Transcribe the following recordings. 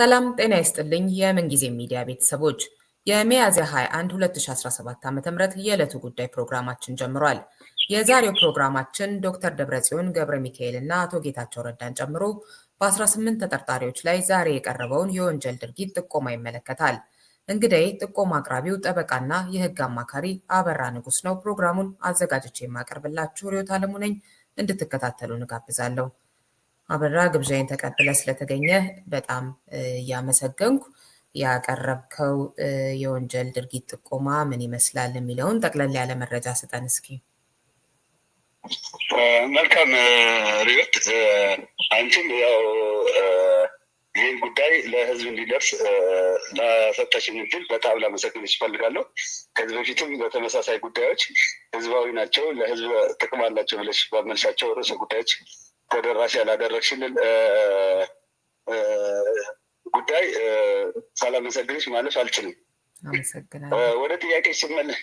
ሰላም ጤና ይስጥልኝ። የመንጊዜ ሚዲያ ቤተሰቦች የሚያዝያ 21 2017 ዓ ም የዕለቱ ጉዳይ ፕሮግራማችን ጀምሯል። የዛሬው ፕሮግራማችን ዶክተር ደብረጽዮን ገብረ ሚካኤል እና አቶ ጌታቸው ረዳን ጨምሮ በ18 ተጠርጣሪዎች ላይ ዛሬ የቀረበውን የወንጀል ድርጊት ጥቆማ ይመለከታል። እንግዲህ ጥቆማ አቅራቢው ጠበቃና የህግ አማካሪ አበራ ንጉስ ነው። ፕሮግራሙን አዘጋጅቼ የማቀርብላችሁ ሪዮት አለሙ ነኝ። እንድትከታተሉ እንጋብዛለሁ። አበራ ግብዣይን ተቀብለ ስለተገኘ በጣም እያመሰገንኩ ያቀረብከው የወንጀል ድርጊት ጥቆማ ምን ይመስላል የሚለውን ጠቅለል ያለ መረጃ ስጠን እስኪ። መልካም ሪዮት፣ አንቺም ያው ይህን ጉዳይ ለህዝብ እንዲደርስ ለሰጠሽን እድል በጣም ላመሰግንሽ እፈልጋለሁ። ከዚህ በፊትም በተመሳሳይ ጉዳዮች ህዝባዊ ናቸው፣ ለህዝብ ጥቅም አላቸው ብለሽ ባመልሻቸው ርዕሰ ጉዳዮች ተደራሽ ያላደረግሽልን ጉዳይ ሳላመሰግንሽ ማለፍ አልችልም። ወደ ጥያቄ ሲመለስ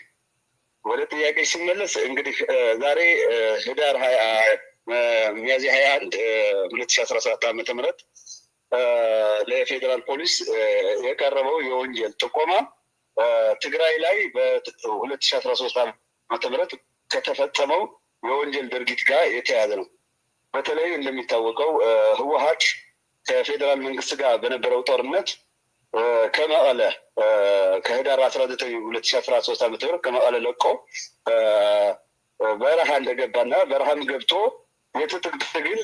ወደ ጥያቄ ሲመለስ እንግዲህ ዛሬ ህዳር ሚያዝያ ሀያ አንድ ሁለት ሺ አስራ ሰባት ዓመተ ምህረት ለፌዴራል ፖሊስ የቀረበው የወንጀል ጥቆማ ትግራይ ላይ በሁለት ሺ አስራ ሶስት ዓመተ ምህረት ከተፈጸመው የወንጀል ድርጊት ጋር የተያያዘ ነው። በተለይ እንደሚታወቀው ህወሀት ከፌዴራል መንግስት ጋር በነበረው ጦርነት ከመቀለ ከህዳር አስራ ዘጠኝ ሁለት ሺ አስራ ሶስት ዓመተ ምህረት ከመቀለ ለቆ በረሃ እንደገባና በረሃም ገብቶ የትጥቅ ትግል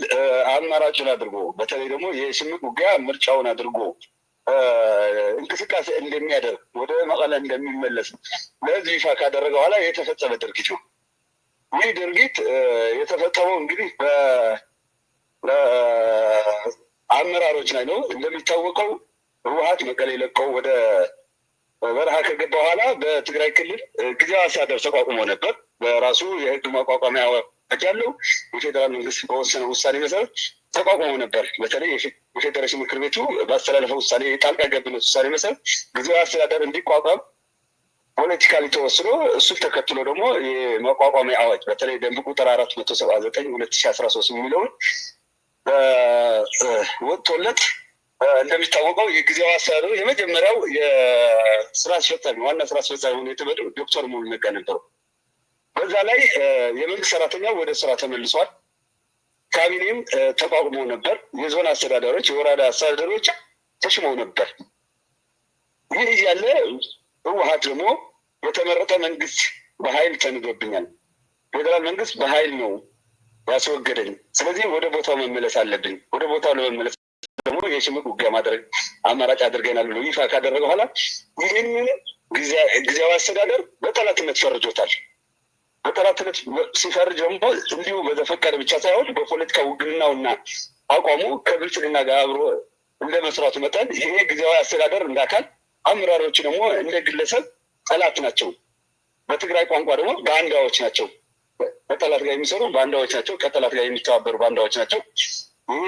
አማራጩን አድርጎ በተለይ ደግሞ የሽምቅ ውጊያ ምርጫውን አድርጎ እንቅስቃሴ እንደሚያደርግ ወደ መቀለ እንደሚመለስ ለህዝብ ይፋ ካደረገ በኋላ የተፈጸመ ድርጊት ነው። ይህ ድርጊት የተፈጸመው እንግዲህ በአመራሮች ላይ ነው። እንደሚታወቀው ህወሀት መቀሌ ለቀው ወደ በረሃ ከገባ በኋላ በትግራይ ክልል ጊዜያዊ አስተዳደር ተቋቁሞ ነበር። በራሱ የህግ ማቋቋሚያ አዋጅ ያለው የፌዴራል መንግስት በወሰነ ውሳኔ መሰረት ተቋቁሞ ነበር። በተለይ የፌዴሬሽን ምክር ቤቱ ባስተላለፈው ውሳኔ የጣልቃ ገብነት ውሳኔ መሰረት ጊዜያዊ አስተዳደር እንዲቋቋም ፖለቲካሊ ተወስኖ እሱን ተከትሎ ደግሞ የመቋቋሚ አዋጅ በተለይ ደንብ ቁጥር አራት መቶ ሰባ ዘጠኝ ሁለት ሺ አስራ ሶስት የሚለውን ወጥቶለት እንደሚታወቀው የጊዜው አሰራሩ የመጀመሪያው የስራ አስፈጻሚ ዋና ስራ አስፈጻሚ ሆኖ የተመደበው ዶክተር ሙሉ ነጋ ነበሩ። በዛ ላይ የመንግስት ሰራተኛው ወደ ስራ ተመልሷል። ካቢኔም ተቋቁሞ ነበር። የዞን አስተዳደሮች፣ የወረዳ አስተዳደሮች ተሽመው ነበር። ይህ እያለ ህወሀት ደግሞ የተመረጠ መንግስት በሀይል ተንዶብኛል። ፌደራል መንግስት በሀይል ነው ያስወገደኝ። ስለዚህ ወደ ቦታው መመለስ አለብኝ። ወደ ቦታው ለመመለስ ደግሞ የሽምቅ ውጊያ ማድረግ አማራጭ አድርገናል ብሎ ይፋ ካደረገ በኋላ ይህንን ጊዜያዊ አስተዳደር በጠላትነት ፈርጆታል። በጠላትነት ሲፈርጅ ደግሞ እንዲሁ በዘፈቀደ ብቻ ሳይሆን በፖለቲካ ውግንናውና አቋሙ ከብልጽግና ጋር አብሮ እንደ መስራቱ መጠን ይሄ ጊዜያዊ አስተዳደር እንዳካል አመራሮቹ ደግሞ እንደ ግለሰብ ጠላት ናቸው። በትግራይ ቋንቋ ደግሞ ባንዳዎች ናቸው። ከጠላት ጋር የሚሰሩ ባንዳዎች ናቸው። ከጠላት ጋር የሚተባበሩ ባንዳዎች ናቸው።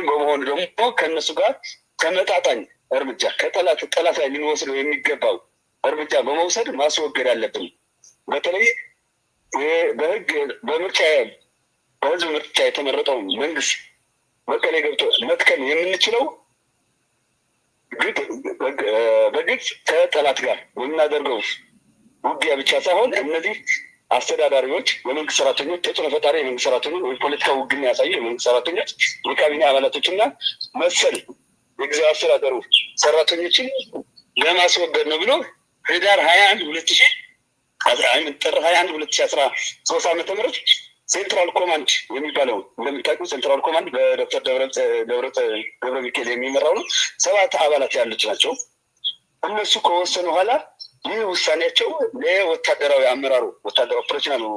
በመሆኑ ደግሞ ከእነሱ ጋር ተመጣጣኝ እርምጃ ከጠላት ጠላት ላይ ልንወስደው የሚገባው እርምጃ በመውሰድ ማስወገድ አለብን። በተለይ በህግ በምርጫ በህዝብ ምርጫ የተመረጠው መንግስት መቀሌ ገብቶ መትከል የምንችለው በግልጽ ከጠላት ጋር የምናደርገው ውጊያ ብቻ ሳይሆን እነዚህ አስተዳዳሪዎች፣ የመንግስት ሰራተኞች፣ ተጽዕኖ ፈጣሪ የመንግስት ሰራተኞች፣ ወይ ፖለቲካ ውግና ያሳዩ የመንግስት ሰራተኞች፣ የካቢኔ አባላቶች እና መሰል የጊዜያዊ አስተዳደሩ ሰራተኞችን ለማስወገድ ነው ብሎ ህዳር ሀያ አንድ ሁለት ሺ ጥር ሀያ አንድ ሁለት ሺ አስራ ሶስት አመተ ምህረት ሴንትራል ኮማንድ የሚባለው እንደሚታውቁ ሴንትራል ኮማንድ በዶክተር ገብረ ሚካኤል የሚመራው ነው። ሰባት አባላት ያሉት ናቸው። እነሱ ከወሰኑ በኋላ ይህ ውሳኔያቸው ለወታደራዊ አመራሩ ወታደራዊ ኦፕሬሽናል ነው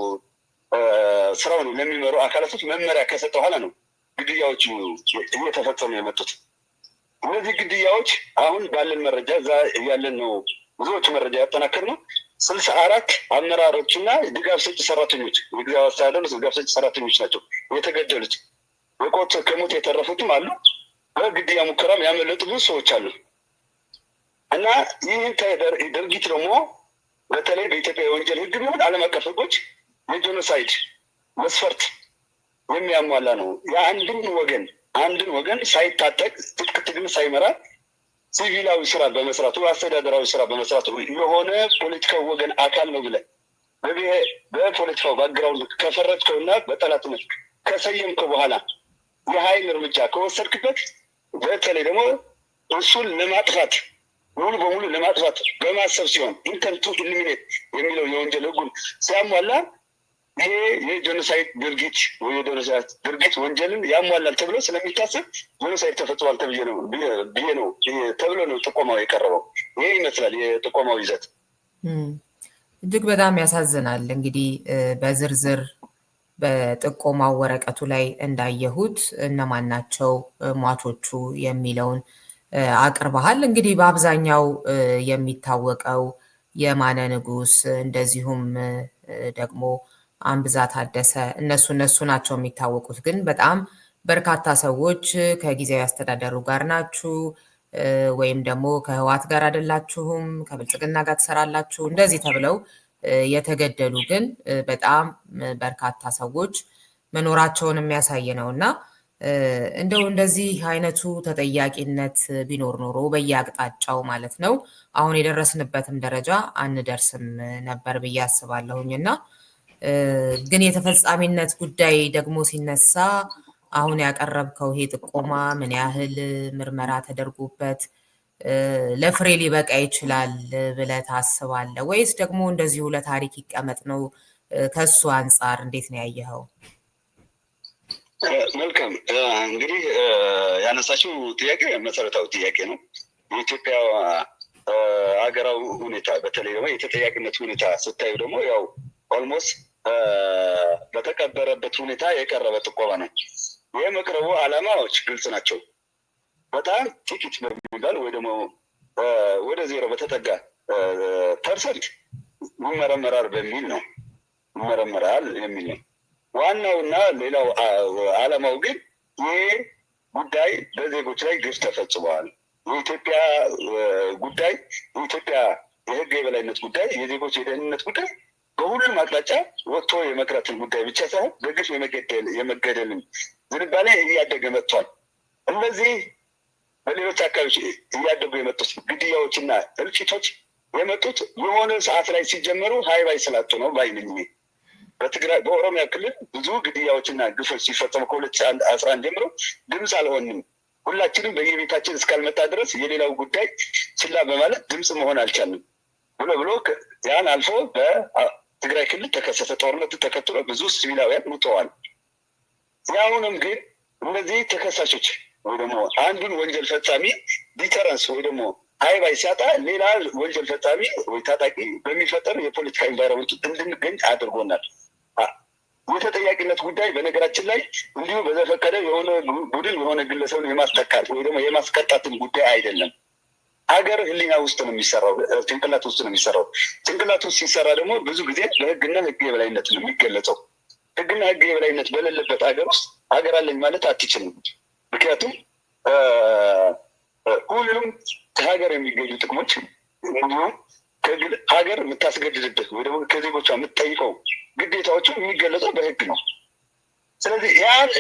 ለሚመሩ አካላቶች መመሪያ ከሰጠ በኋላ ነው ግድያዎቹ እየተፈጸሙ የመጡት። እነዚህ ግድያዎች አሁን ባለን መረጃ እዛ ያለን ነው ብዙዎቹ መረጃ ያጠናከር ነው ስልሳ አራት አመራሮችና ድጋፍ ሰጭ ሰራተኞች የጊዜያዊ አስተዳደሩ ድጋፍ ሰጭ ሰራተኞች ናቸው የተገደሉት። በቆት ከሞት የተረፉትም አሉ። በግድያ ሙከራም ያመለጡ ብዙ ሰዎች አሉ እና ይህን ድርጊት ደግሞ በተለይ በኢትዮጵያ የወንጀል ሕግ ቢሆን ዓለም አቀፍ ሕጎች የጄኖሳይድ መስፈርት የሚያሟላ ነው። የአንድን ወገን አንድን ወገን ሳይታጠቅ ትጥቅ ትግል ሳይመራ ሲቪላዊ ስራ በመስራቱ አስተዳደራዊ ስራ በመስራቱ የሆነ ፖለቲካው ወገን አካል ነው ብለን በፖለቲካው ባግራውንድ ከፈረጅከውና በጠላትነት ከሰየምከ በኋላ የሀይል እርምጃ ከወሰድክበት በተለይ ደግሞ እሱን ለማጥፋት ሙሉ በሙሉ ለማጥፋት በማሰብ ሲሆን ኢንተንቱ ኢሊሚኔት የሚለው የወንጀል ህጉን ሲያሟላ ይሄ የጆኖሳይድ ድርጊት ወይ ድርጊት ወንጀልን ያሟላል ተብሎ ስለሚታሰብ ጆኖሳይድ ተፈጽሟል ተብዬ ነው ብዬ ነው ተብሎ ነው ጥቆማው የቀረበው። ይሄ ይመስላል የጥቆማው ይዘት። እጅግ በጣም ያሳዝናል። እንግዲህ በዝርዝር በጥቆማው ወረቀቱ ላይ እንዳየሁት እነማን ናቸው ሟቾቹ የሚለውን አቅርበሃል። እንግዲህ በአብዛኛው የሚታወቀው የማነ ንጉስ እንደዚሁም ደግሞ አንብዛ ታደሰ እነሱ እነሱ ናቸው የሚታወቁት። ግን በጣም በርካታ ሰዎች ከጊዜያዊ አስተዳደሩ ጋር ናችሁ ወይም ደግሞ ከህዋት ጋር አይደላችሁም፣ ከብልጽግና ጋር ትሰራላችሁ እንደዚህ ተብለው የተገደሉ ግን በጣም በርካታ ሰዎች መኖራቸውን የሚያሳይ ነው እና እንደው እንደዚህ አይነቱ ተጠያቂነት ቢኖር ኖሮ በየአቅጣጫው ማለት ነው አሁን የደረስንበትም ደረጃ አንደርስም ነበር ብዬ አስባለሁኝ እና ግን የተፈጻሚነት ጉዳይ ደግሞ ሲነሳ አሁን ያቀረብከው ይሄ ጥቆማ ምን ያህል ምርመራ ተደርጎበት ለፍሬ ሊበቃ ይችላል ብለህ ታስባለህ ወይስ ደግሞ እንደዚሁ ለታሪክ ይቀመጥ ነው? ከሱ አንጻር እንዴት ነው ያየኸው? መልካም እንግዲህ ያነሳችው ጥያቄ መሰረታዊ ጥያቄ ነው። የኢትዮጵያ ሀገራዊ ሁኔታ በተለይ ደግሞ የተጠያቂነት ሁኔታ ስታዩ ደግሞ ያው ኦልሞስት በተቀበረበት ሁኔታ የቀረበ ጥቆማ ነው። የመቅረቡ ዓላማዎች ግልጽ ናቸው። በጣም ጥቂት በሚባል ወይ ደግሞ ወደ ዜሮ በተጠጋ ፐርሰንት ይመረመራል በሚል ነው ይመረመራል የሚል ነው። ዋናውና ሌላው ዓላማው ግን ይህ ጉዳይ በዜጎች ላይ ግፍ ተፈጽመዋል፣ የኢትዮጵያ ጉዳይ የኢትዮጵያ የህገ የበላይነት ጉዳይ፣ የዜጎች የደህንነት ጉዳይ በሁሉም አቅጣጫ ወጥቶ የመቅረትን ጉዳይ ብቻ ሳይሆን በግፍ የመገደልን ዝንባሌ እያደገ መጥቷል። እነዚህ በሌሎች አካባቢዎች እያደጉ የመጡት ግድያዎችና እልቂቶች የመጡት የሆነ ሰዓት ላይ ሲጀመሩ ሀይ ባይ ስላጡ ነው ባይንኝ በትግራይ በኦሮሚያ ክልል ብዙ ግድያዎችና ግፎች ሲፈጸሙ ከሁለት አስራ አንድ ጀምሮ ድምፅ አልሆንም ሁላችንም በየቤታችን እስካልመጣ ድረስ የሌላው ጉዳይ ችላ በማለት ድምፅ መሆን አልቻልም ብሎ ብሎ ያን አልፎ ትግራይ ክልል ተከሰተ። ጦርነት ተከትሎ ብዙ ሲቪላውያን ሙተዋል። አሁንም ግን እነዚህ ተከሳሾች ወይ ደግሞ አንዱን ወንጀል ፈጻሚ ዲተረንስ ወይ ደግሞ አይባይ ሲያጣ ሌላ ወንጀል ፈጻሚ ወይ ታጣቂ በሚፈጠር የፖለቲካ ኢንቫይሮመንቱ እንድንገኝ አድርጎናል። የተጠያቂነት ጉዳይ በነገራችን ላይ እንዲሁ በዘፈቀደ የሆነ ቡድን የሆነ ግለሰብን የማስተካት ወይ ደግሞ የማስቀጣትን ጉዳይ አይደለም። አገር ህሊና ውስጥ ነው የሚሰራው፣ ጭንቅላት ውስጥ ነው የሚሰራው። ጭንቅላት ውስጥ ሲሰራ ደግሞ ብዙ ጊዜ በህግና ህግ የበላይነት ነው የሚገለጸው። ህግና ህግ የበላይነት በሌለበት ሀገር ውስጥ ሀገር አለኝ ማለት አትችልም። ምክንያቱም ሁሉም ከሀገር የሚገኙ ጥቅሞች ሀገር የምታስገድድበት ወይ ደግሞ ከዜጎቿ የምትጠይቀው ግዴታዎቹ የሚገለጸው በህግ ነው። ስለዚህ ያን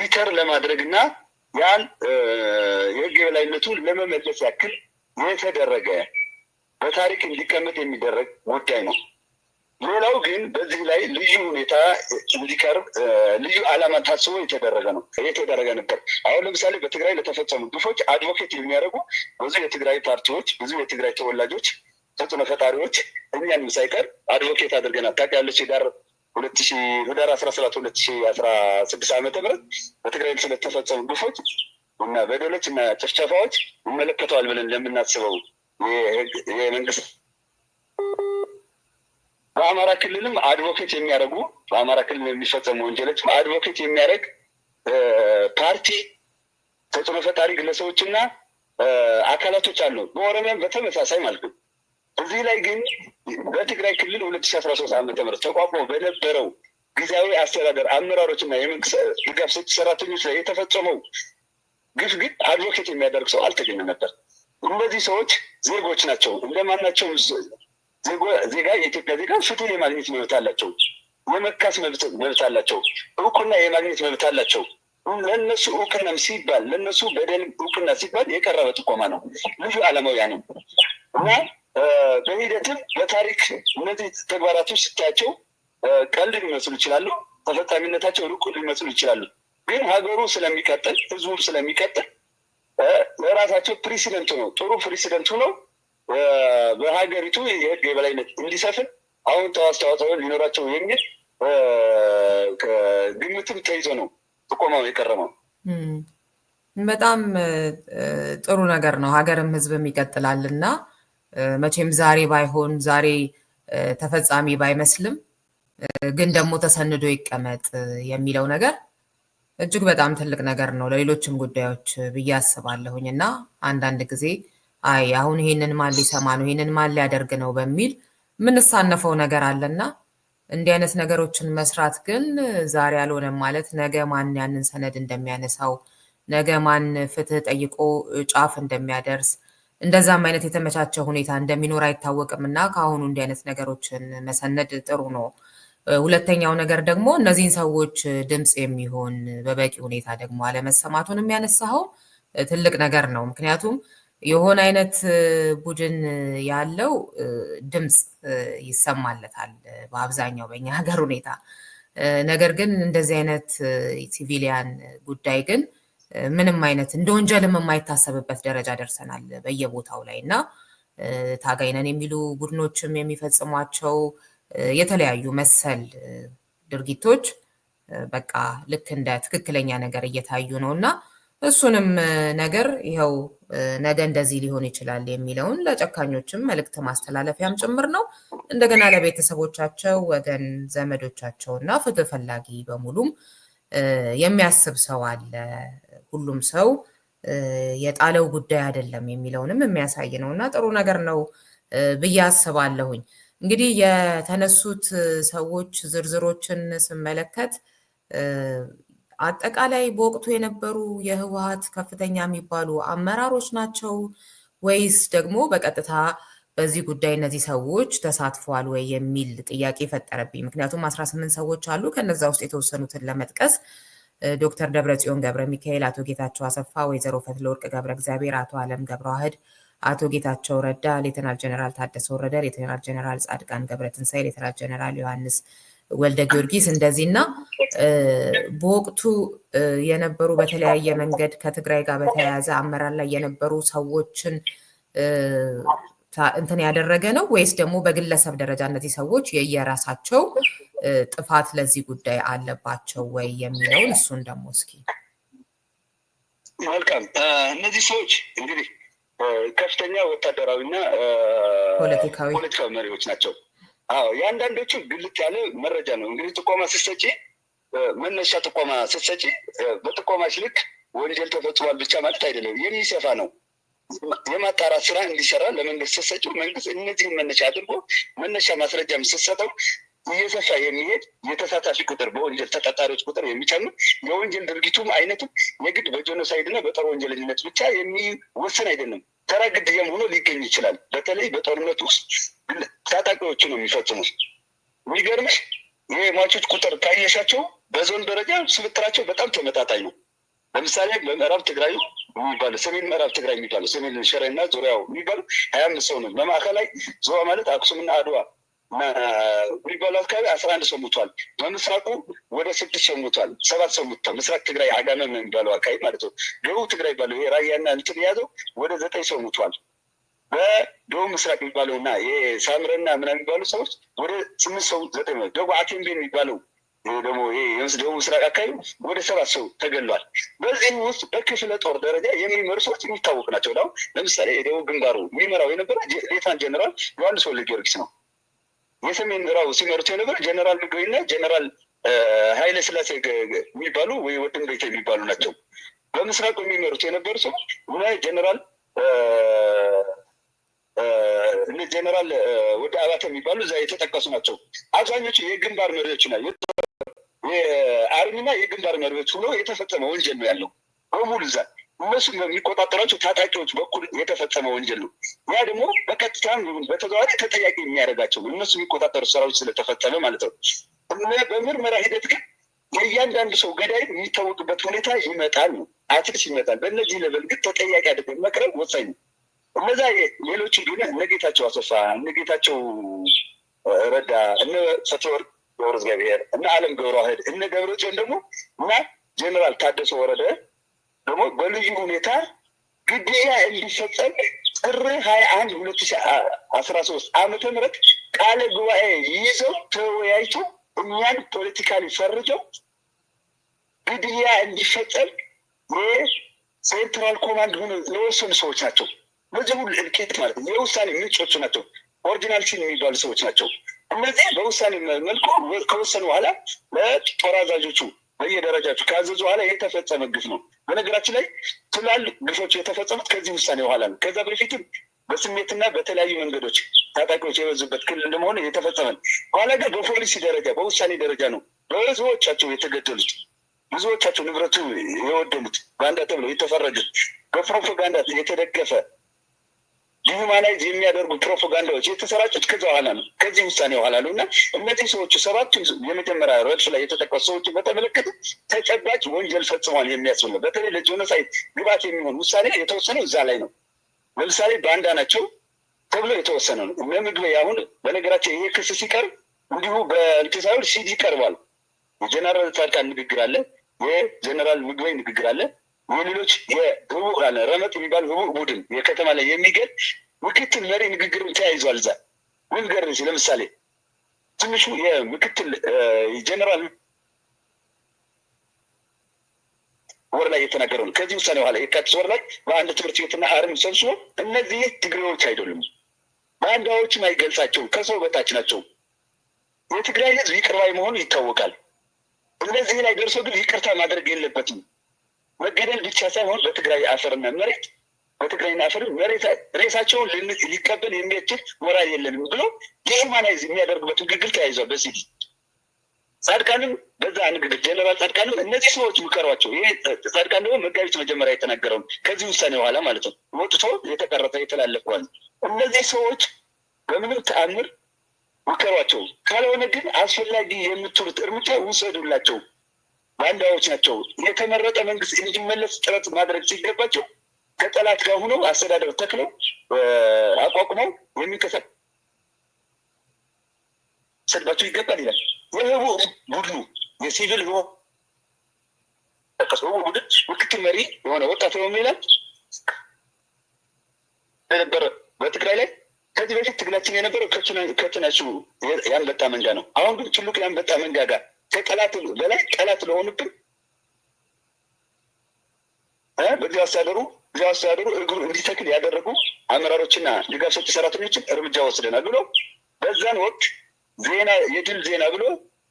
ዊተር ለማድረግ እና ያን የህግ የበላይነቱ ለመመለስ ያክል የተደረገ በታሪክ እንዲቀመጥ የሚደረግ ጉዳይ ነው። ሌላው ግን በዚህ ላይ ልዩ ሁኔታ እንዲቀርብ ልዩ ዓላማ ታስቦ የተደረገ ነው የተደረገ ነበር። አሁን ለምሳሌ በትግራይ ለተፈጸሙ ግፎች አድቮኬት የሚያደርጉ ብዙ የትግራይ ፓርቲዎች፣ ብዙ የትግራይ ተወላጆች፣ ተጽዕኖ ፈጣሪዎች እኛንም ሳይቀር አድቮኬት አድርገናል። ታውቂያለሽ ዳር ሁለት ሺ ህዳር አስራ ሰባት ሁለት ሺ አስራ ስድስት ዓመተ ምህረት በትግራይ ስለተፈጸሙ ግፎች እና በደሎች እና ጭፍጨፋዎች ይመለከተዋል ብለን ለምናስበው የመንግስት በአማራ ክልልም አድቮኬት የሚያደርጉ በአማራ ክልል የሚፈጸሙ ወንጀሎች አድቮኬት የሚያደርግ ፓርቲ፣ ተጽዕኖ ፈጣሪ ግለሰቦችና አካላቶች አሉ። በኦሮሚያም በተመሳሳይ ማለት ነው። እዚህ ላይ ግን በትግራይ ክልል ሁለት ሺ አስራ ሶስት ዓመተ ምህረት ተቋቁሞ በነበረው ጊዜያዊ አስተዳደር አመራሮችና የመንግስት ድጋፍ ሰጪ ሰራተኞች ላይ የተፈጸመው ግፍ ግን አድቮኬት የሚያደርግ ሰው አልተገኘ ነበር። እነዚህ ሰዎች ዜጎች ናቸው። እንደማናቸው ዜጋ የኢትዮጵያ ዜጋ ፍትህ የማግኘት መብት አላቸው። የመካስ መብት አላቸው። እውቅና የማግኘት መብት አላቸው። ለነሱ እውቅናም ሲባል ለነሱ በደል እውቅና ሲባል የቀረበ ጥቆማ ነው። ልዩ ዓላማው ነው እና በሂደትም በታሪክ እነዚህ ተግባራቶች ስታያቸው ቀልድ ሊመስሉ ይችላሉ። ተፈጻሚነታቸው ሩቅ ሊመስሉ ይችላሉ። ግን ሀገሩ ስለሚቀጥል ህዝቡ ስለሚቀጥል ለራሳቸው ፕሬሲደንት ነው ጥሩ ፕሬሲደንቱ ነው በሀገሪቱ የህግ የበላይነት እንዲሰፍን አሁን አስተዋጽኦ ሊኖራቸው የሚል ግምትም ተይዞ ነው ጥቆማው የቀረበው። በጣም ጥሩ ነገር ነው። ሀገርም ህዝብም ይቀጥላል እና መቼም ዛሬ ባይሆን ዛሬ ተፈጻሚ ባይመስልም ግን ደግሞ ተሰንዶ ይቀመጥ የሚለው ነገር እጅግ በጣም ትልቅ ነገር ነው ለሌሎችም ጉዳዮች ብዬ አስባለሁኝ። እና አንዳንድ ጊዜ አይ አሁን ይሄንን ማን ሊሰማ ነው ይሄንን ማን ሊያደርግ ነው በሚል የምንሳነፈው ነገር አለና እንዲህ አይነት ነገሮችን መስራት ግን ዛሬ አልሆነም ማለት ነገ ማን ያንን ሰነድ እንደሚያነሳው ነገ ማን ፍትህ ጠይቆ ጫፍ እንደሚያደርስ እንደዛም አይነት የተመቻቸ ሁኔታ እንደሚኖር አይታወቅም እና ከአሁኑ እንዲህ አይነት ነገሮችን መሰነድ ጥሩ ነው። ሁለተኛው ነገር ደግሞ እነዚህን ሰዎች ድምፅ የሚሆን በበቂ ሁኔታ ደግሞ አለመሰማቱን የሚያነሳው ትልቅ ነገር ነው። ምክንያቱም የሆነ አይነት ቡድን ያለው ድምፅ ይሰማለታል በአብዛኛው በእኛ ሀገር ሁኔታ። ነገር ግን እንደዚህ አይነት ሲቪሊያን ጉዳይ ግን ምንም አይነት እንደ ወንጀልም የማይታሰብበት ደረጃ ደርሰናል በየቦታው ላይ እና ታጋይነን የሚሉ ቡድኖችም የሚፈጽሟቸው የተለያዩ መሰል ድርጊቶች በቃ ልክ እንደ ትክክለኛ ነገር እየታዩ ነው እና እሱንም ነገር ይኸው ነገ እንደዚህ ሊሆን ይችላል የሚለውን ለጨካኞችም መልእክት ማስተላለፊያም ጭምር ነው። እንደገና ለቤተሰቦቻቸው፣ ወገን ዘመዶቻቸው እና ፍትህ ፈላጊ በሙሉም የሚያስብ ሰው አለ። ሁሉም ሰው የጣለው ጉዳይ አይደለም የሚለውንም የሚያሳይ ነው እና ጥሩ ነገር ነው ብዬ አስባለሁኝ። እንግዲህ የተነሱት ሰዎች ዝርዝሮችን ስመለከት አጠቃላይ በወቅቱ የነበሩ የህወሀት ከፍተኛ የሚባሉ አመራሮች ናቸው ወይስ ደግሞ በቀጥታ በዚህ ጉዳይ እነዚህ ሰዎች ተሳትፈዋል ወይ የሚል ጥያቄ ፈጠረብኝ። ምክንያቱም 18 ሰዎች አሉ። ከነዛ ውስጥ የተወሰኑትን ለመጥቀስ ዶክተር ደብረ ጽዮን ገብረ ሚካኤል፣ አቶ ጌታቸው አሰፋ፣ ወይዘሮ ፈትለወርቅ ገብረ እግዚአብሔር፣ አቶ አለም ገብረ ዋህድ አቶ ጌታቸው ረዳ፣ ሌተናል ጀነራል ታደሰ ወረደ፣ ሌተናል ጀነራል ጻድቃን ገብረትንሳኤ፣ ሌተናል ጀነራል ዮሐንስ ወልደ ጊዮርጊስ እንደዚህ እና በወቅቱ የነበሩ በተለያየ መንገድ ከትግራይ ጋር በተያያዘ አመራር ላይ የነበሩ ሰዎችን እንትን ያደረገ ነው ወይስ ደግሞ በግለሰብ ደረጃ እነዚህ ሰዎች የየራሳቸው ጥፋት ለዚህ ጉዳይ አለባቸው ወይ የሚለውን እሱን ደግሞ እስኪ መልካም እነዚህ ሰዎች እንግዲህ ከፍተኛ ወታደራዊና ፖለቲካዊ መሪዎች ናቸው። አዎ የአንዳንዶቹ ግልጥ ያለ መረጃ ነው። እንግዲህ ጥቆማ ስትሰጪ መነሻ ጥቆማ ስትሰጪ በጥቆማች ልክ ወንጀል ተፈጽሟል ብቻ ማለት አይደለም። የሚሰፋ ነው። የማጣራት ስራ እንዲሰራ ለመንግስት ስትሰጪው መንግስት እነዚህን መነሻ አድርጎ መነሻ ማስረጃም ስትሰጠው እየሰፋ የሚሄድ የተሳታፊ ቁጥር በወንጀል ተጠጣሪዎች ቁጥር የሚጨምር የወንጀል ድርጊቱም አይነቱም የግድ በጄኖሳይድና በጦር ወንጀለኝነት ብቻ የሚወሰን አይደለም። ተራ ግድያም ሆኖ ሊገኝ ይችላል። በተለይ በጦርነት ውስጥ ታጣቂዎቹ ነው የሚፈጽሙት። የሚገርምሽ የሟቾች ቁጥር ካየሻቸው በዞን ደረጃ ስብጥራቸው በጣም ተመጣጣኝ ነው። ለምሳሌ በምዕራብ ትግራይ የሚባሉ ሰሜን ምዕራብ ትግራይ የሚባሉ ሰሜን ሽሬና ዙሪያው የሚባሉ ሀያ አምስት ሰው ነው። በማዕከላይ ዞባ ማለት አክሱምና አድዋ ጉልጓሉ አካባቢ አስራ አንድ ሰው ሙቷል። በምስራቁ ወደ ስድስት ሰው ሙቷል፣ ሰባት ሰው ሙቷል። ምስራቅ ትግራይ አጋመ የሚባለው አካባቢ ማለት ነው። ደቡብ ትግራይ ባለው ራያና እንትን የያዘው ወደ ዘጠኝ ሰው ሙቷል። በደቡብ ምስራቅ የሚባለው እና ሳምረና ምና የሚባሉ ሰዎች ወደ ስምንት ሰው ዘጠኝ ደቡብ አቴምቤ የሚባለው ደግሞ ደቡብ ምስራቅ አካባቢ ወደ ሰባት ሰው ተገሏል። በዚህም ውስጥ በክፍለ ጦር ደረጃ የሚመሩ ሰዎች የሚታወቅ ናቸው። ለምሳሌ የደቡብ ግንባሩ የሚመራው የነበረ ሌተናንት ጀነራል ዮሐንስ ወልደ ጊዮርጊስ ነው። የሰሜን ምዕራቡ ሲመሩት የነበር ጀነራል ምግበይ እና ጀነራል ኃይለ ስላሴ የሚባሉ ወይ ወድም ወንድምቤቴ የሚባሉ ናቸው። በምስራቁ የሚመሩት የነበሩ ሰዎች ጉባኤ ጀነራል እነ ጀነራል ወደ አባተ የሚባሉ እዛ የተጠቀሱ ናቸው። አብዛኞቹ የግንባር መሪዎች ና የአርሚና የግንባር መሪዎች ብሎ የተፈጸመ ወንጀል ነው ያለው በሙሉ እዛ እነሱ የሚቆጣጠሯቸው ታጣቂዎች በኩል የተፈጸመ ወንጀል ነው። ያ ደግሞ በቀጥታም በተዘዋዋሪ ተጠያቂ የሚያደርጋቸው እነሱ የሚቆጣጠሩ ስራዎች ስለተፈጸመ ማለት ነው። በምርመራ ሂደት ግን የእያንዳንዱ ሰው ገዳይ የሚታወቅበት ሁኔታ ይመጣል ነው አትርስ ይመጣል። በእነዚህ ለበል ግን ተጠያቂ አድርገን መቅረብ ወሳኝ ነው። እነዛ ሌሎች እንደሆነ እነጌታቸው ጌታቸው አሰፋ፣ እነ ረዳ፣ እነ ፈትወርቅ ገብረ እግዚአብሔር፣ እነ አለም ገብረ ዋህድ፣ እነ ገብረ ጽዮን ደግሞ እና ጀኔራል ታደሰ ወረደ ደግሞ በልዩ ሁኔታ ግድያ እንዲፈጸም ጥር ሀያ አንድ ሁለት ሺ አስራ ሶስት አመተ ምህረት ቃለ ጉባኤ ይዘው ተወያይቶ እኛን ፖለቲካሊ ፈርጀው ግድያ እንዲፈጸም የሴንትራል ኮማንድ ሆነ ለወሰኑ ሰዎች ናቸው። በዚህ ሁሉ እልኬት ማለት ነው። የውሳኔ ምንጮቹ ናቸው። ሲን የሚባሉ ሰዎች ናቸው። እነዚህ በውሳኔ መልኩ ከወሰኑ በኋላ ለጦር አዛዦቹ በየደረጃቸው ካዘዙ በኋላ የተፈጸመ ግፍ ነው። በነገራችን ላይ ትላልቅ ግፎች የተፈጸሙት ከዚህ ውሳኔ በኋላ ነው። ከዛ በፊትም በስሜትና በተለያዩ መንገዶች ታጣቂዎች የበዙበት ክልል እንደመሆኑ የተፈጸመ ኋላ ግን በፖሊሲ ደረጃ በውሳኔ ደረጃ ነው በህዝቦቻቸው የተገደሉት፣ ብዙዎቻቸው ንብረቱ የወደሙት፣ ባንዳ ተብለው የተፈረጁት በፕሮፓጋንዳ የተደገፈ ዲሁማናይዝ የሚያደርጉ ፕሮፓጋንዳዎች የተሰራጩት ከዚ በኋላ ነው፣ ከዚህ ውሳኔ በኋላ ነው እና እነዚህ ሰዎቹ ሰባቱ የመጀመሪያ ረድፍ ላይ የተጠቀሱ ሰዎችን በተመለከተ ተጨባጭ ወንጀል ፈጽሟል የሚያስብል ነው። በተለይ ለጄኖሳይድ ግባት የሚሆን ውሳኔ የተወሰነው እዛ ላይ ነው። ለምሳሌ ባንዳ ናቸው ተብሎ የተወሰነ ነው። ለምግበይ አሁን በነገራቸው ይሄ ክስ ሲቀርብ እንዲሁ በእንትን ሲዲ ይቀርባል። የጀነራል ጻድቃን ንግግር አለ፣ የጀነራል ምግበይ ንግግር አለ በሌሎች የህቡዕ አለ ረመጥ የሚባል ህቡዕ ቡድን የከተማ ላይ የሚገኝ ምክትል መሪ ንግግር ተያይዟል። እዛ ምን ገርሽ ለምሳሌ ትንሹ የምክትል ጀነራል ወር ላይ የተናገረው ነው። ከዚህ ውሳኔ በኋላ የካቲት ወር ላይ በአንድ ትምህርት ቤትና አርም ሰብስቦ እነዚህ ትግሬዎች አይደሉም፣ ባንዳዎችም አይገልጻቸውም፣ ከሰው በታች ናቸው። የትግራይ ህዝብ ይቅርባይ መሆኑ ይታወቃል። እነዚህ ላይ ደርሶ ግን ይቅርታ ማድረግ የለበትም። መገደል ብቻ ሳይሆን በትግራይ አፈርና መሬት በትግራይና አፈር መሬት ሬሳቸውን ሊቀበል የሚችል ሞራል የለንም ብሎ የሁማናይዝ የሚያደርግበት ንግግር ተያይዟል። በዚህ ጻድቃንም በዛ ንግግር ጀነራል ጻድቃንም እነዚህ ሰዎች ምከሯቸው። ይሄ ጻድቃን ደግሞ መጋቢት መጀመሪያ የተናገረው ከዚህ ውሳኔ በኋላ ማለት ነው ወጥቶ የተቀረጸ የተላለፈዋል። እነዚህ ሰዎች በምንም ተአምር ምከሯቸው፣ ካልሆነ ግን አስፈላጊ የምትሉት እርምጃ ውሰዱላቸው ባንዳዎች ናቸው። የተመረጠ መንግስት እንዲመለስ ጥረት ማድረግ ሲገባቸው ከጠላት ጋር ሆነው አስተዳደር ተክለው አቋቁመው ሰድባቸው ይገባል ይላል። የህቡ ቡድኑ የሲቪል ጠቀሰ ቡድን ምክትል መሪ የሆነ ወጣት ነው ይላል የነበረ በትግራይ ላይ ከዚህ በፊት ትግላችን የነበረው ከትናችሁ ያንበጣ መንጋ ነው። አሁን ግን ትልቅ ያንበጣ መንጋ ጋር ከቀላት በላይ ቀላት ለሆኑብን በጊዜ አስተዳደሩ ጊዜ አስተዳደሩ እግሩ እንዲተክል ያደረጉ አመራሮችና ድጋፍ ሰጪ ሰራተኞችን እርምጃ ወስደናል ብሎ በዛን ወቅት ዜና የድል ዜና ብሎ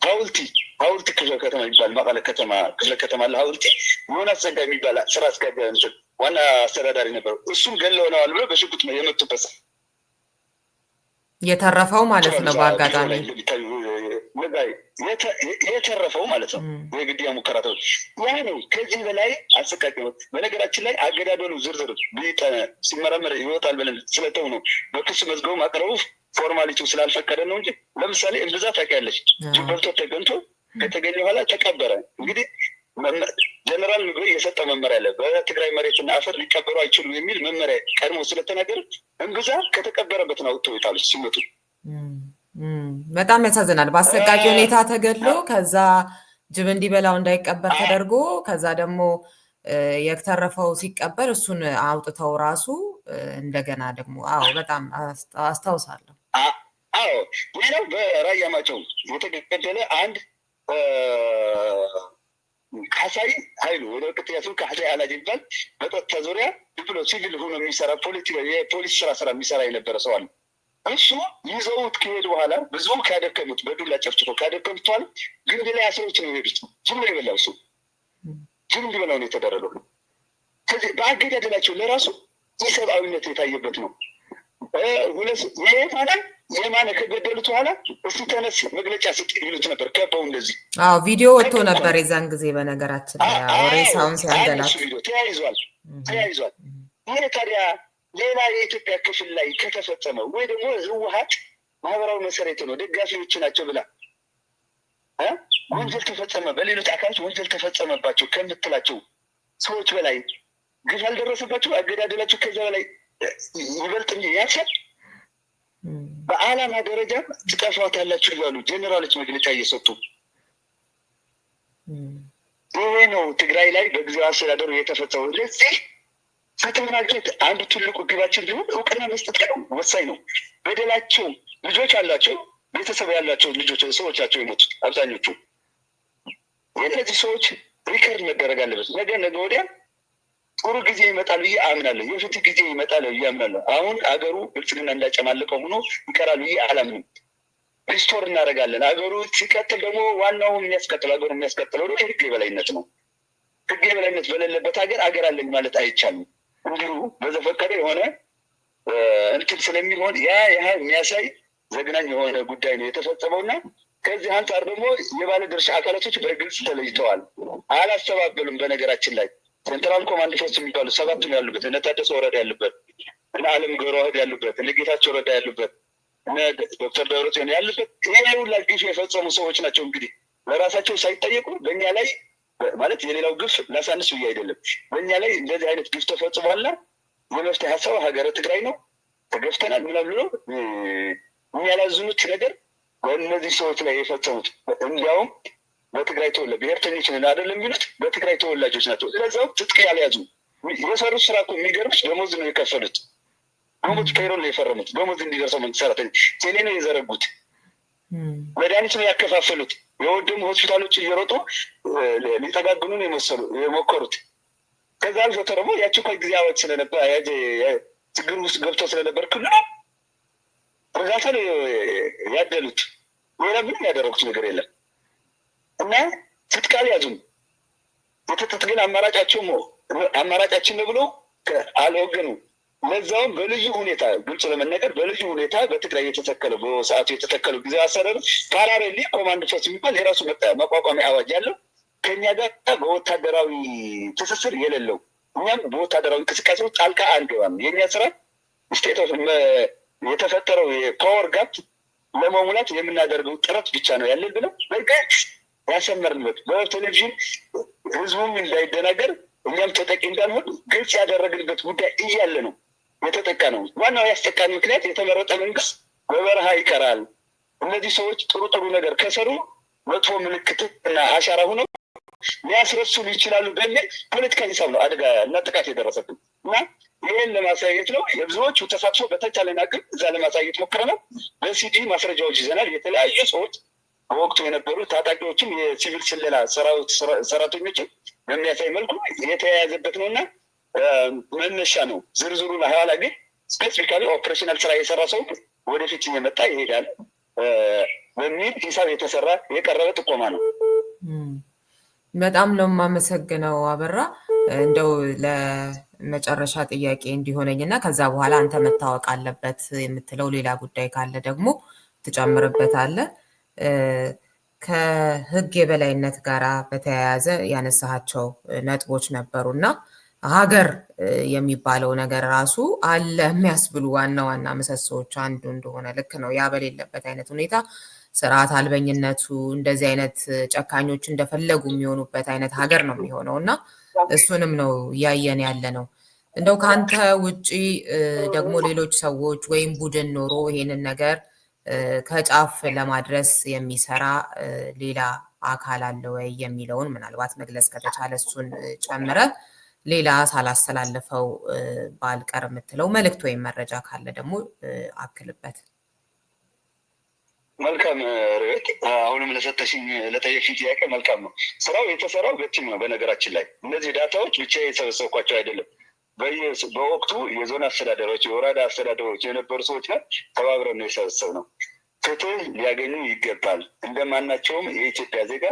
ሀውልቲ ሀውልቲ ክፍለ ከተማ የሚባል መቀለ ከተማ ክፍለ ከተማ አለ። ሀውልቲ የሆነ አስጸጋ የሚባል ስራ አስጋቢያ እንትን ዋና አስተዳዳሪ ነበረው። እሱም ገለውነዋል ብሎ በሽጉጥ ነው የመቱበት የተረፈው ማለት ነው በአጋጣሚ የተረፈው ማለት ነው የግድያ ሙከራ ያ ነው። ከዚህ በላይ አሰቃቂ በነገራችን ላይ አገዳደሉ ዝርዝር ሲመረመር ይወጣል ብለን ስለተው ነው በክስ መዝገቡ አቅረቡ ፎርማሊቲው ስላልፈቀደ ነው እንጂ ለምሳሌ እንብዛ ታውቂያለች በልቶ ተገንቶ ከተገኘ በኋላ ተቀበረ። እንግዲህ ጀነራል ምግበይ የሰጠ መመሪያ አለ። በትግራይ መሬትና አፈር ሊቀበሩ አይችሉም የሚል መመሪያ ቀድሞ ስለተናገረ እንብዛ ከተቀበረበት ነው አውጥተው ይጣሉ ሲመጡ በጣም ያሳዝናል። በአሰቃቂ ሁኔታ ተገድሎ ከዛ ጅብ እንዲበላው እንዳይቀበር ተደርጎ ከዛ ደግሞ የተረፈው ሲቀበር እሱን አውጥተው ራሱ እንደገና ደግሞ አዎ፣ በጣም አስታውሳለሁ። አዎ፣ ሌላው በራያ ማጨው የተገደለ አንድ ካሳይ ኃይሉ ወደ ቅት ያሱ ካሳይ አላጅ ይባል በጸጥታ ዙሪያ ብሎ ሲቪል ሆኖ የሚሰራ ፖሊስ ስራ ስራ የሚሰራ የነበረ ሰው አለ እሱ ይዘውት ከሄድ በኋላ ብዙ ካደከሙት በዱላ ጨፍጭፎ ካደከሙት በኋላ ግንድ ላይ አስሮች ነው የሄዱት። ዝም ነው የበላው እሱ ዝም እንዲበላው ነው የተደረገው። ከዚህ በአገዳደላቸው ለራሱ የሰብአዊነት የታየበት ነው። ሁለትሁለት የማነ ከገደሉት በኋላ እሱ ተነስ መግለጫ ስጥ ይሉት ነበር። ከበው እንደዚህ ቪዲዮ ወጥቶ ነበር የዛን ጊዜ በነገራችን ሬሳውን ሲያንገላ ተያይዟል ተያይዟል። ይሄ ታዲያ ሌላ የኢትዮጵያ ክፍል ላይ ከተፈጸመ ወይ ደግሞ ህወሀት ማህበራዊ መሰረት ነው ደጋፊዎች ናቸው ብላ ወንጀል ተፈጸመ በሌሎች አካላት ወንጀል ተፈጸመባቸው ከምትላቸው ሰዎች በላይ ግፍ አልደረሰባቸው አገዳደላቸው ከዚያ በላይ ይበልጥ እ ያንሳል። በአላማ ደረጃ ትጠፏታላችሁ እያሉ ጀኔራሎች መግለጫ እየሰጡ ይሄ ነው ትግራይ ላይ በጊዜያዊ አስተዳደሩ የተፈጸመው ለዚህ ተፈጥሮ አንዱ ትልቁ ግባችን ቢሆን እውቅና መስጠት ግን ወሳኝ ነው። በደላቸው ልጆች አሏቸው፣ ቤተሰብ ያሏቸው ልጆች ሰዎቻቸው የሞቱት አብዛኞቹ የእነዚህ ሰዎች ሪከርድ መደረግ አለበት። ነገ ነገ ወዲያ ጥሩ ጊዜ ይመጣል ብዬ አምናለሁ። የፍትህ ጊዜ ይመጣል ብዬ አምናለሁ። አሁን አገሩ ብልጽግና እንዳጨማለቀው ሆኖ ይቀራል ብዬ አላምንም። ሪስቶር እናደርጋለን። አገሩ ሲቀጥል ደግሞ ዋናው የሚያስቀጥለው አገሩ የሚያስቀጥለው ደግሞ የህግ የበላይነት ነው። ህግ የበላይነት በሌለበት ሀገር አገር አለኝ ማለት አይቻልም። ቁጥሩ በዘፈቀደ የሆነ እንትን ስለሚሆን ያ ያ የሚያሳይ ዘግናኝ የሆነ ጉዳይ ነው የተፈጸመው እና ከዚህ አንጻር ደግሞ የባለ ድርሻ አካላቶች በግልጽ ተለይተዋል፣ አላስተባበሉም። በነገራችን ላይ ሴንትራል ኮማንድ ፎርስ የሚባሉ ሰባቱም ያሉበት እነ ታደሰ ወረዳ ያሉበት እነ አለም ገብረዋህድ ያሉበት እነ ጌታቸው ረዳ ያሉበት እነ ዶክተር ደብረጽዮን ያሉበት ይሄ ሁላ ግፍ የፈጸሙ ሰዎች ናቸው። እንግዲህ ለራሳቸው ሳይጠየቁ በእኛ ላይ ማለት የሌላው ግፍ ላሳንስ ብዬ አይደለም። በእኛ ላይ እንደዚህ አይነት ግፍ ተፈጽሟልና የመፍትሄ ሀሳብ ሀገረ ትግራይ ነው፣ ተገፍተናል ምናምን ብሎ የሚያላዝኑት ነገር በእነዚህ ሰዎች ላይ የፈጸሙት እንዲያውም በትግራይ ተወላ ብሔርተኞች ነን አይደለም የሚሉት በትግራይ ተወላጆች ናቸው። ለዛው ትጥቅ ያልያዙ የሰሩት ስራ እኮ የሚገርምሽ ደሞዝ ነው የከፈሉት። ደሞዝ ፔሮል ነው የፈረሙት። ደሞዝ እንዲደርሰው መንግስት ሰራተኞች ቴሌ ነው የዘረጉት። መድኃኒትን ያከፋፈሉት የወደሙ ሆስፒታሎች እየሮጡ ሊጠጋግኑን የመሰሉ የሞከሩት ከዛ አልፎ ደግሞ የአስቸኳይ ጊዜ አዋጅ ስለነበር ችግር ውስጥ ገብቶ ስለነበር ክልሉ እርዳታ ያደሉት። ሌላ ምንም ያደረጉት ነገር የለም እና ትጥቃል ያዙም የትጥት ግን አማራጫቸው አማራጫችን ነው ብሎ አልወገኑም። ለዛውም በልዩ ሁኔታ ግልጽ ለመነገር በልዩ ሁኔታ በትግራይ የተተከለው በሰዓቱ የተተከለው ጊዜ አሰራር ፓራሬሊ ኮማንድ ፎርስ የሚባል የራሱ መቋቋሚ አዋጅ ያለው ከኛ ጋር በወታደራዊ ትስስር የሌለው እኛም በወታደራዊ እንቅስቃሴ ውስጥ ጣልቃ አንገባም። የእኛ ስራ ስቴት ኦፍ የተፈጠረው የፓወር ጋፕ ለመሙላት የምናደርገው ጥረት ብቻ ነው ያለን ብለው በጋት ያሰመርንበት በቴሌቪዥን ህዝቡም እንዳይደናገር እኛም ተጠቂ እንዳልሆን ግልጽ ያደረግንበት ጉዳይ እያለ ነው። የተጠቃ ነው። ዋናው ያስጠቃን ምክንያት የተመረጠ መንግስት በበረሃ ይቀራል። እነዚህ ሰዎች ጥሩ ጥሩ ነገር ከሰሩ መጥፎ ምልክት እና አሻራ ሆነው ሊያስረሱን ይችላሉ በሚል ፖለቲካ ሂሳብ ነው አደጋ እና ጥቃት የደረሰብን እና ይህን ለማሳየት ነው። የብዙዎቹ ተሳትፎ በተቻለን አቅም እዛ ለማሳየት ነው። በሲዲ ማስረጃዎች ይዘናል። የተለያዩ ሰዎች በወቅቱ የነበሩ ታጣቂዎችም የሲቪል ስለላ ሰራዊት ሰራተኞችም በሚያሳይ መልኩ የተያያዘበት ነው እና መነሻ ነው። ዝርዝሩ ኋላ ግን ስፔሲፊካሊ ኦፕሬሽናል ስራ የሰራ ሰው ወደፊት እየመጣ ይሄዳል በሚል ሂሳብ የተሰራ የቀረበ ጥቆማ ነው። በጣም ነው የማመሰግነው አበራ። እንደው ለመጨረሻ ጥያቄ እንዲሆነኝ እና ከዛ በኋላ አንተ መታወቅ አለበት የምትለው ሌላ ጉዳይ ካለ ደግሞ አለ። ከህግ የበላይነት ጋራ በተያያዘ ያነሳሃቸው ነጥቦች ነበሩ እና ሀገር የሚባለው ነገር ራሱ አለ የሚያስብሉ ዋና ዋና ምሰሶዎች አንዱ እንደሆነ ልክ ነው። ያ በሌለበት አይነት ሁኔታ ስርዓት አልበኝነቱ እንደዚህ አይነት ጨካኞች እንደፈለጉ የሚሆኑበት አይነት ሀገር ነው የሚሆነው እና እሱንም ነው እያየን ያለ ነው። እንደው ከአንተ ውጪ ደግሞ ሌሎች ሰዎች ወይም ቡድን ኖሮ ይሄንን ነገር ከጫፍ ለማድረስ የሚሰራ ሌላ አካል አለ ወይ የሚለውን ምናልባት መግለጽ ከተቻለ እሱን ጨምረ ሌላ ሳላስተላለፈው ባልቀር የምትለው መልእክት ወይም መረጃ ካለ ደግሞ አክልበት። መልካም ርቤት፣ አሁንም ለሰጠሽኝ ለጠየቅሽኝ ጥያቄ መልካም ነው። ስራው የተሰራው በቲም ነው። በነገራችን ላይ እነዚህ ዳታዎች ብቻ የሰበሰብኳቸው አይደለም። በወቅቱ የዞን አስተዳደሮች፣ የወረዳ አስተዳደሮች የነበሩ ሰዎች ጋር ተባብረን ነው የሰበሰብ ነው። ፍትህ ሊያገኙ ይገባል። እንደማናቸውም የኢትዮጵያ ዜጋ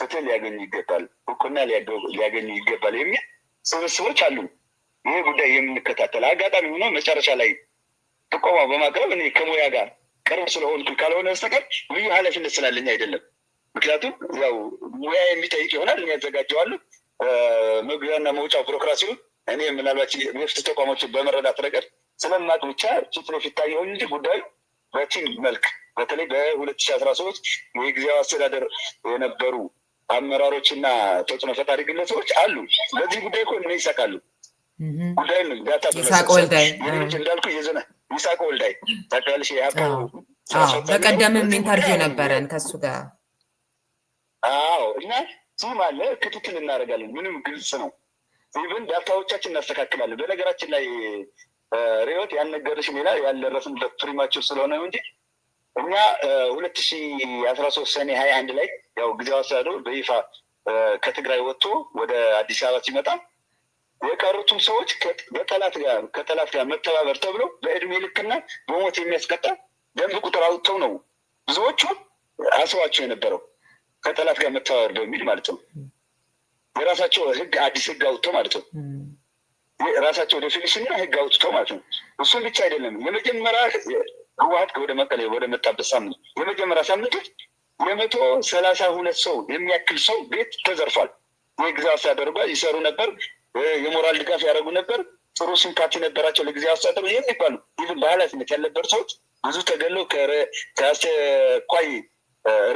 ፍትህ ሊያገኙ ይገባል፣ እውቅና ሊያገኙ ይገባል የሚል ስብስቦች አሉ። ይህ ጉዳይ የምንከታተል አጋጣሚ ሆኖ መጨረሻ ላይ ጥቆማ በማቅረብ እኔ ከሙያ ጋር ቅርብ ስለሆንኩ ካልሆነ በስተቀር ልዩ ኃላፊነት ስላለኝ አይደለም። ምክንያቱም ያው ሙያ የሚጠይቅ ይሆናል እኔ ያዘጋጀዋለሁ። መግቢያና መውጫ ቢሮክራሲው እኔ ምናልባት የፍትህ ተቋሞችን በመረዳት ረገድ ስለማቅ ብቻ ፊት ለፊት ታየሁ እንጂ ጉዳዩ በቲም መልክ በተለይ በሁለት ሺ አስራ ሶስት የጊዜያዊ አስተዳደር የነበሩ አመራሮችና ተጽዕኖ ፈጣሪ ግለሰቦች አሉ። በዚህ ጉዳይ እኮ እነ ይሳቃሉ ጉዳይ ነው ዳታ እንዳልኩ የዘነ ይሳቅ ወልዳይ ታውቂዋለሽ? በቀደምም ኢንተርቪው ነበረን ከሱ ጋር። አዎ እና ዚህም አለ ክትትል እናደርጋለን። ምንም ግልጽ ነው። ኢቨን ዳታዎቻችን እናስተካክላለን። በነገራችን ላይ ሪዮት ያልነገርሽ ሌላ ያልደረስን ፕሪማቸው ስለሆነ እንጂ እኛ ሁለት ሺ አስራ ሶስት ሰኔ ሀያ አንድ ላይ ያው ጊዜ አስተዳደሩ በይፋ ከትግራይ ወጥቶ ወደ አዲስ አበባ ሲመጣ የቀሩትም ሰዎች በጠላት ጋር ከጠላት ጋር መተባበር ተብሎ በእድሜ ልክና በሞት የሚያስቀጣ ደንብ ቁጥር አውጥተው ነው ብዙዎቹ አስዋቸው የነበረው ከጠላት ጋር መተባበር በሚል ማለት ነው። የራሳቸው ህግ አዲስ ህግ አውጥተው ማለት ነው። ራሳቸው ዴፊኒሽንና ህግ አውጥተው ማለት ነው። እሱም ብቻ አይደለም የመጀመሪያ ህወሀት ወደ መቀሌ ወደ መጣበት ሳምንት የመጀመሪያ ሳምንት የመቶ ሰላሳ ሁለት ሰው የሚያክል ሰው ቤት ተዘርፏል። የጊዜ አስተዳደሩ ይሰሩ ነበር። የሞራል ድጋፍ ያደረጉ ነበር። ጥሩ ሲምፓቲ ነበራቸው ለጊዜ አስተዳደሩ የሚባሉ ይህም በኃላፊነት ያልነበሩ ሰዎች ብዙ ተገለው ከአስቸኳይ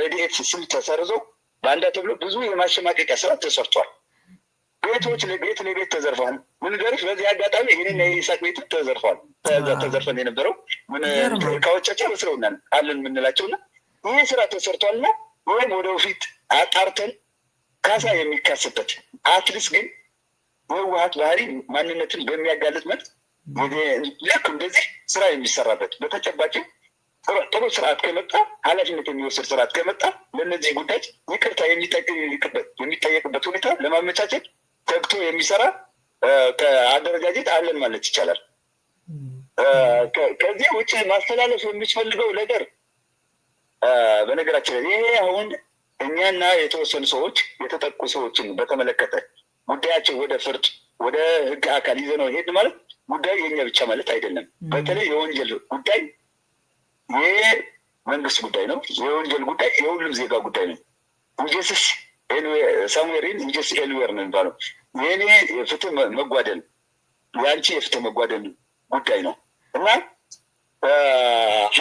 ረድኤት ስም ተሰርዘው በአንዳ ተብሎ ብዙ የማሸማቀቂያ ስራ ተሰርቷል። ቤቶች ቤት ለቤት ተዘርፈዋል። ምን ምንገሮች በዚህ አጋጣሚ ይህንን የኢሳቅ ቤት ተዘርፈዋል። ተዘርፈን የነበረው ምን መስለውናል አለን አለን የምንላቸውና ይህ ስራ ተሰርቷልና ወይም ወደ ፊት አጣርተን ካሳ የሚካስበት አትሊስ ግን በህወሀት ባህሪ ማንነትን በሚያጋልጥ መት ልክ እንደዚህ ስራ የሚሰራበት በተጨባጭም ጥሩ ስርዓት ከመጣ ኃላፊነት የሚወስድ ስርዓት ከመጣ ለእነዚህ ጉዳዮች ይቅርታ የሚጠየቅበት ሁኔታ ለማመቻቸት ተግቶ የሚሰራ ከአደረጃጀት አለን ማለት ይቻላል። ከዚያ ውጭ ማስተላለፍ የሚፈልገው ነገር በነገራችን ላይ ይሄ አሁን እኛና የተወሰኑ ሰዎች የተጠቁ ሰዎችን በተመለከተ ጉዳያቸው ወደ ፍርድ ወደ ህግ አካል ይዘነው ሄድ ማለት ጉዳዩ የኛ ብቻ ማለት አይደለም። በተለይ የወንጀል ጉዳይ የመንግስት ጉዳይ ነው። የወንጀል ጉዳይ የሁሉም ዜጋ ጉዳይ ነው። ውጀስስ ሳሙኤልን እንጆስ ኤልዌር ነው የሚባለው። የኔ የፍትህ መጓደል የአንቺ የፍትህ መጓደል ጉዳይ ነው እና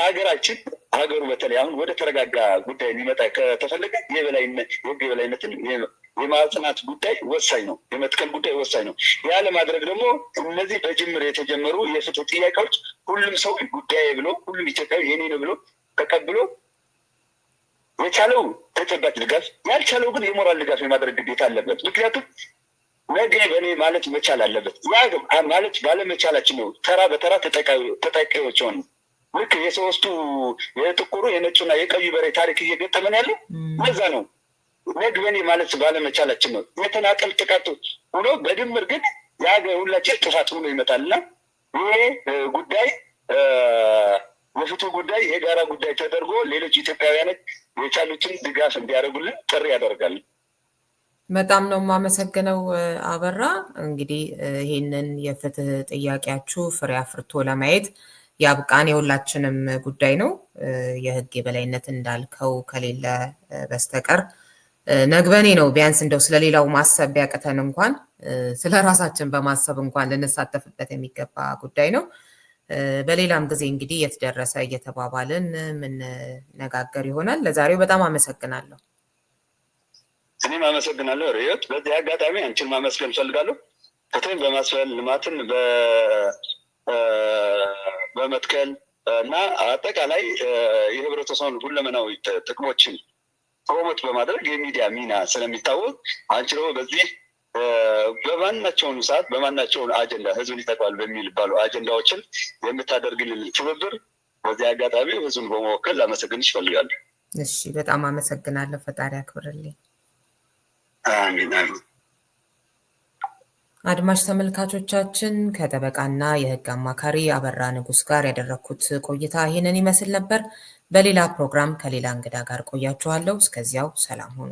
ሀገራችን ሀገሩ በተለይ አሁን ወደ ተረጋጋ ጉዳይ ሊመጣ ከተፈለገ የበላይነት የበላይነትን የማጽናት ጉዳይ ወሳኝ ነው። የመትከል ጉዳይ ወሳኝ ነው። ያ ለማድረግ ደግሞ እነዚህ በጅምር የተጀመሩ የፍትህ ጥያቄዎች ሁሉም ሰው ጉዳይ ብሎ ሁሉም ኢትዮጵያዊ የኔ ነው ብሎ ተቀብሎ የቻለው ተጨባጭ ድጋፍ ያልቻለው ግን የሞራል ድጋፍ የማድረግ ግዴታ አለበት። ምክንያቱም ነገ በእኔ ማለት መቻል አለበት። ማለት ባለመቻላችን ነው ተራ በተራ ተጠቃዮች ሆን ልክ የሶስቱ የጥቁሩ የነጩና የቀዩ በሬ ታሪክ እየገጠመን ያለ በዛ ነው። ነግ በእኔ ማለት ባለመቻላችን ነው የተናጠል ጥቃት ሆኖ በድምር ግን የሀገር ሁላችን ጥፋት ሆኖ ይመጣልና ይሄ ጉዳይ የፍትህ ጉዳይ የጋራ ጉዳይ ተደርጎ ሌሎች ኢትዮጵያውያኖች የቻሉትን ድጋፍ እንዲያደርጉልን ጥሪ ያደርጋል። በጣም ነው የማመሰግነው አበራ። እንግዲህ ይህንን የፍትህ ጥያቄያችሁ ፍሬ አፍርቶ ለማየት የአብቃን የሁላችንም ጉዳይ ነው። የህግ የበላይነት እንዳልከው ከሌለ በስተቀር ነግበኔ ነው። ቢያንስ እንደው ስለሌላው ማሰብ ቢያቅተን እንኳን ስለ ራሳችን በማሰብ እንኳን ልንሳተፍበት የሚገባ ጉዳይ ነው። በሌላም ጊዜ እንግዲህ የት ደረሰ እየተባባልን የምንነጋገር ይሆናል። ለዛሬው በጣም አመሰግናለሁ። እኔም አመሰግናለሁ ሪዮት። በዚህ አጋጣሚ አንቺን ማመስገን እፈልጋለሁ። ከተሜን በማስፈል ልማትን በመትከል እና አጠቃላይ የህብረተሰቡን ሁለመናዊ ጥቅሞችን ፕሮሞት በማድረግ የሚዲያ ሚና ስለሚታወቅ አንቺ ደግሞ በዚህ በማናቸውን ሰዓት በማናቸውን አጀንዳ ህዝብን ይጠቅማል በሚባሉ አጀንዳዎችን የምታደርግልን ትብብር በዚህ አጋጣሚ ህዝቡን በመወከል ላመሰግን ይፈልጋሉ። እሺ፣ በጣም አመሰግናለሁ። ፈጣሪ አክብርልኝ። አድማሽ ተመልካቾቻችን ከጠበቃና የህግ አማካሪ አበራ ንጉስ ጋር ያደረግኩት ቆይታ ይህንን ይመስል ነበር። በሌላ ፕሮግራም ከሌላ እንግዳ ጋር ቆያችኋለሁ። እስከዚያው ሰላም ሁኑ።